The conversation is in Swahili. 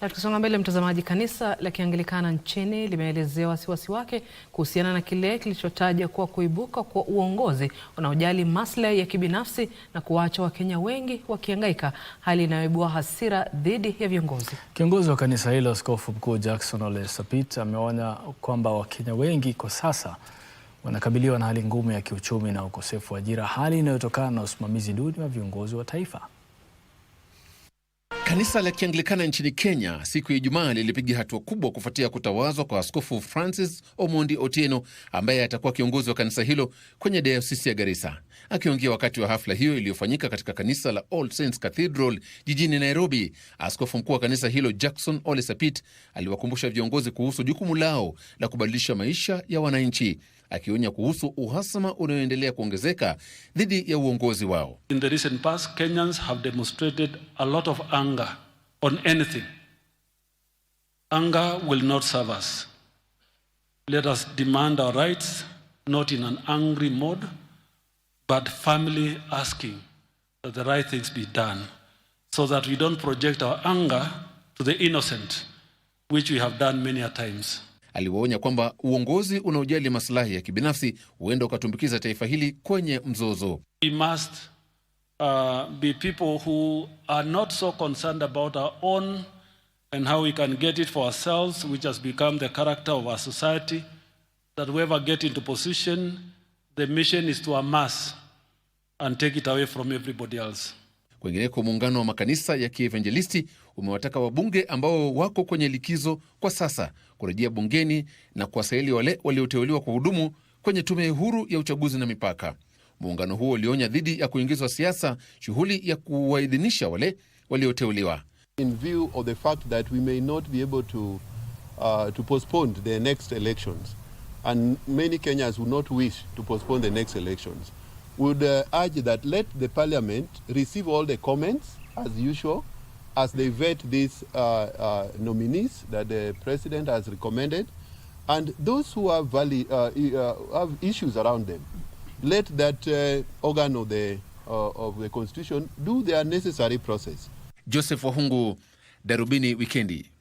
Na tukisonga mbele, mtazamaji, kanisa la Kianglikana nchini limeelezea wasiwasi wake kuhusiana na kile kilichotaja kuwa kuibuka kwa uongozi unaojali maslahi ya kibinafsi na kuwaacha Wakenya wengi wakihangaika, hali inayoibua hasira dhidi ya viongozi. Kiongozi wa kanisa hilo, Askofu Mkuu Jackson Ole Sapit, ameonya kwamba Wakenya wengi kwa sasa wanakabiliwa na hali ngumu ya kiuchumi na ukosefu wa ajira, hali inayotokana na usimamizi duni wa viongozi wa taifa. Kanisa la Kianglikana nchini Kenya siku ya Ijumaa lilipiga hatua kubwa kufuatia kutawazwa kwa Askofu Francis Omondi Otieno ambaye atakuwa kiongozi wa kanisa hilo kwenye dayosisi ya Garissa. Akiongea wakati wa hafla hiyo iliyofanyika katika kanisa la All Saints Cathedral jijini Nairobi, askofu mkuu wa kanisa hilo Jackson Ole Sapit aliwakumbusha viongozi kuhusu jukumu lao la kubadilisha maisha ya wananchi akionya kuhusu uhasama unaoendelea kuongezeka dhidi ya uongozi wao. In the recent past, Kenyans have demonstrated a lot of anger on anything. Anger will not serve us. Let us demand our rights, not in an angry mode, but firmly asking that the right things be done so that we don't project our anger to the innocent, which we have done many a times aliwaonya kwamba uongozi unaojali masilahi ya kibinafsi huenda ukatumbukiza taifa hili kwenye mzozo. We must, uh, be people who are not so concerned about our own and how we can get it for ourselves which has become the character of our society that whoever get into position the mission is to amass and take it away from everybody else. Kwengineko, muungano wa makanisa ya kievanjelisti umewataka wabunge ambao wako kwenye likizo kwa sasa kurejea bungeni na kuwasaili wale walioteuliwa kwa hudumu kwenye tume huru ya uchaguzi na mipaka. Muungano huo ulionya dhidi ya kuingizwa siasa shughuli ya kuwaidhinisha wale walioteuliwa. would uh, urge that let the parliament receive all the comments as usual as they vet these uh, uh, nominees that the president has recommended and those who have, uh, uh, have issues around them let that uh, organ of the, of the constitution do their necessary process joseph Ohungu, darubini wikendi